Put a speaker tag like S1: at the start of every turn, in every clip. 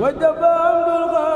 S1: wajaba amdul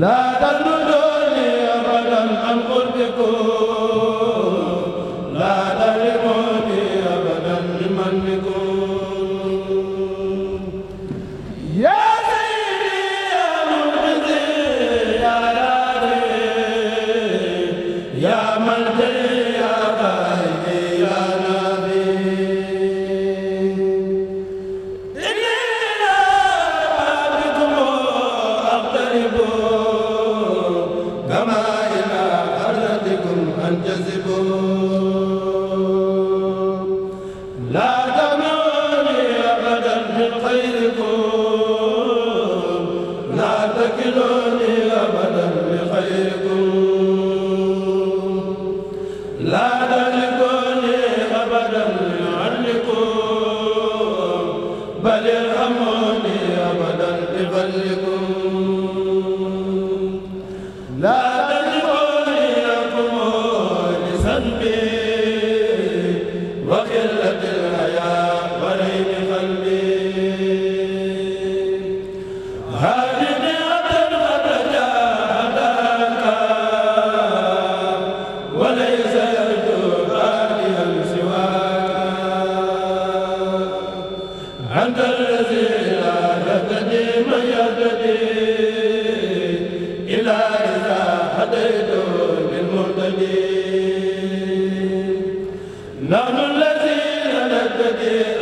S1: yaa man jazaa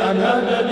S1: أنا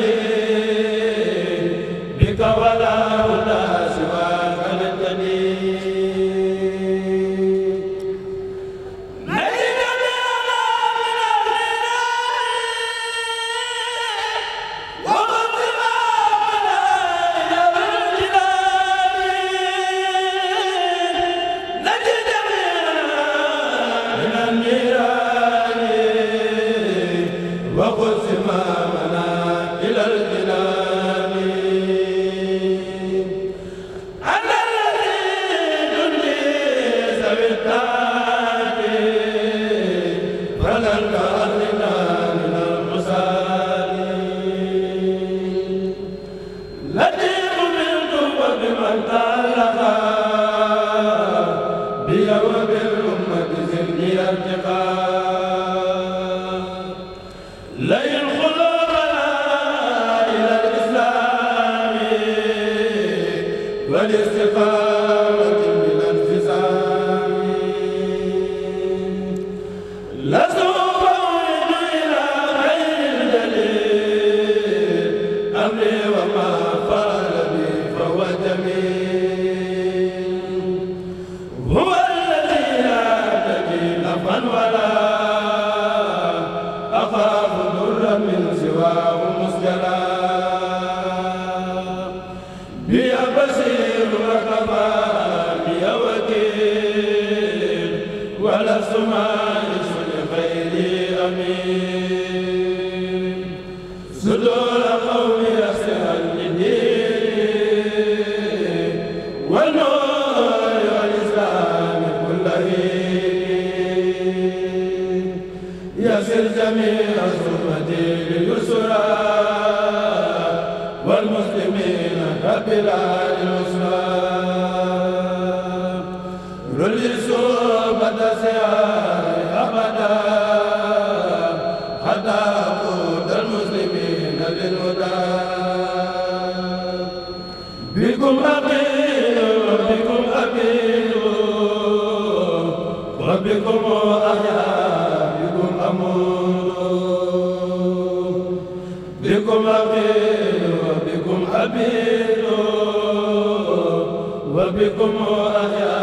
S1: bikum abidu wa bikum ahya بكم أحيا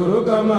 S1: shukru kama